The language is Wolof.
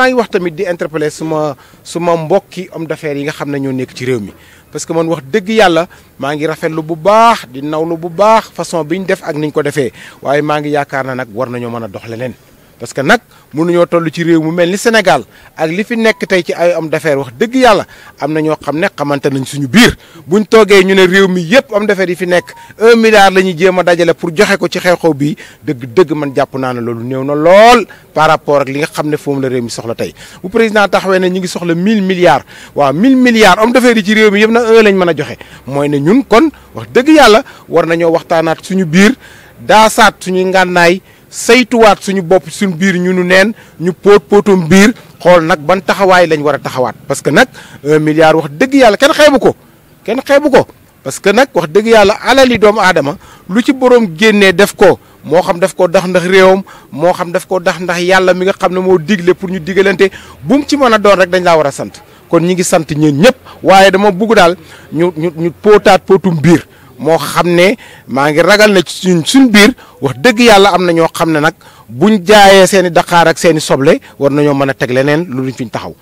maa ngi wax tamit di interpeller suma suma mbokki homme d'affaires yi nga xam ne ñoo nekk ci réew mi parce que man wax dëgg yàlla maa ngi rafetlu bu baax di naw lu bu baax façon bi ñu def ak ni ñu ko defee waaye maa ngi yaakaar na nag war nañoo mën a dox leneen parce que nag mënuñoo toll ci réew mu mel ni Sénégal ak li fi nekk tey ci ay hommes d'affaires wax dëgg yàlla am na ñoo xam ne xamante nañ suñu biir bu ñu toogee ñu ne réew mi yëpp hommes d'affaires yi fi nekk un la ñuy jéem a dajale pour joxe ko ci xew-xew bii dëgg naa ne loolu néew na lool par rapport ak li nga xam ne foofu la réew mi soxla tey bu taxawee ne ñu ngi soxla 1000 milliards waaw 1000 milliards hommes d'affaires yi ci réew mi yëpp na lañ mën a joxe mooy ne ñun kon wax dëgg yàlla war nañoo waxtaanaat suñu biir daasaat suñuy ngànnaay saytuwaat suñu bopp suñu biir ñu nu neen ñu poot póotum biir xool nag ban taxawaay lañ war a taxawaat parce que nag un wax dëgg yàlla kenn xeebu ko kenn xeebu ko parce que nag wax dëgg yàlla alali doomu aadama lu ci boroom génnee def ko moo xam daf ko dax ndax réewam moo xam daf ko dax ndax yàlla mi nga xam ne moo digle pour ñu digalante bu mu ci mën a doon rek dañ laa war a sant kon ñi ngi sant ñeen ñëpp waaye dama bugg daal ñu ñu ñu pootaat póotum biir moo xam ne maa ngi ragal na ci suñ suñ biir wax dëgg yàlla am na ñoo xam ne nag buñ jaayee seen i daqaar ak seen i soble war nañoo mën a teg leneen lu luñ fiñ taxaw